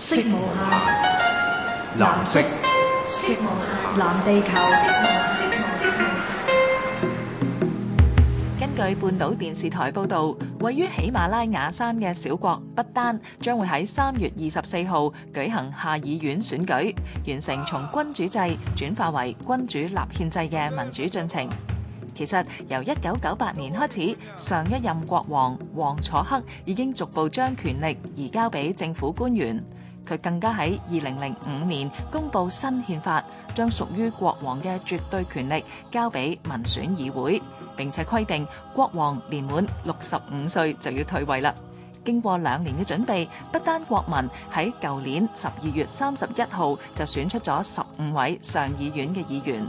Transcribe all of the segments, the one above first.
色無限，藍色，色無限，藍地球。根據半島電視台報道，位於喜馬拉雅山嘅小國不丹將會喺三月二十四號舉行下議院選舉，完成從君主制轉化為君主立憲制嘅民主進程。其實由一九九八年開始，上一任國王旺楚克已經逐步將權力移交俾政府官員。佢更加喺2005年公布新憲法，將屬於國王嘅絕對權力交俾民選議會，並且規定國王年滿六十五歲就要退位啦。經過兩年嘅準備，不丹國民喺舊年十二月三十一號就選出咗十五位上議院嘅議員。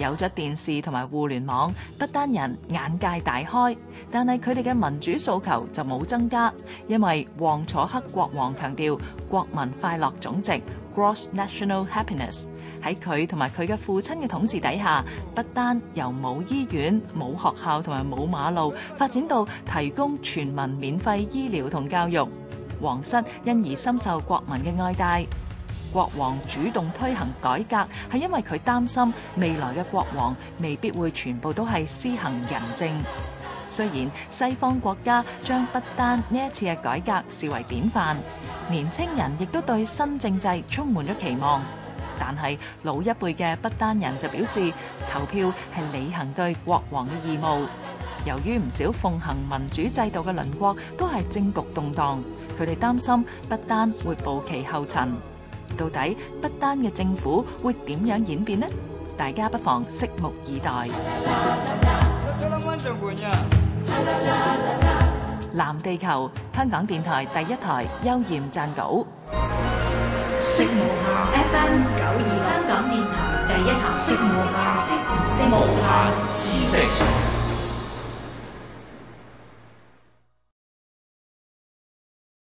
有咗電視同埋互聯網，不單人眼界大開，但係佢哋嘅民主訴求就冇增加，因為旺楚克國王強調國民快樂總值 （Gross National Happiness）。喺佢同埋佢嘅父親嘅統治底下，不單由冇醫院、冇學校同埋冇馬路，發展到提供全民免費醫療同教育，皇室因而深受國民嘅愛戴。國王主動推行改革，係因為佢擔心未來嘅國王未必會全部都係施行仁政。雖然西方國家將不丹呢一次嘅改革視為典範，年青人亦都對新政制充滿咗期望，但係老一輩嘅不丹人就表示投票係履行對國王嘅義務。由於唔少奉行民主制度嘅鄰國都係政局動盪，佢哋擔心不丹會步其後塵。到底不丹嘅政府會點樣演變呢？大家不妨拭目以待。藍地球，香港電台第一台，邱焱撰稿。FM 九二，香港電台第一台。